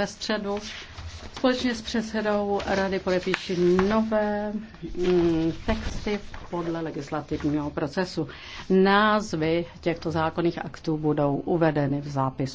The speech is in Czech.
ve středu společně s předsedou rady podepíši nové mm, texty podle legislativního procesu. Názvy těchto zákonných aktů budou uvedeny v zápisu.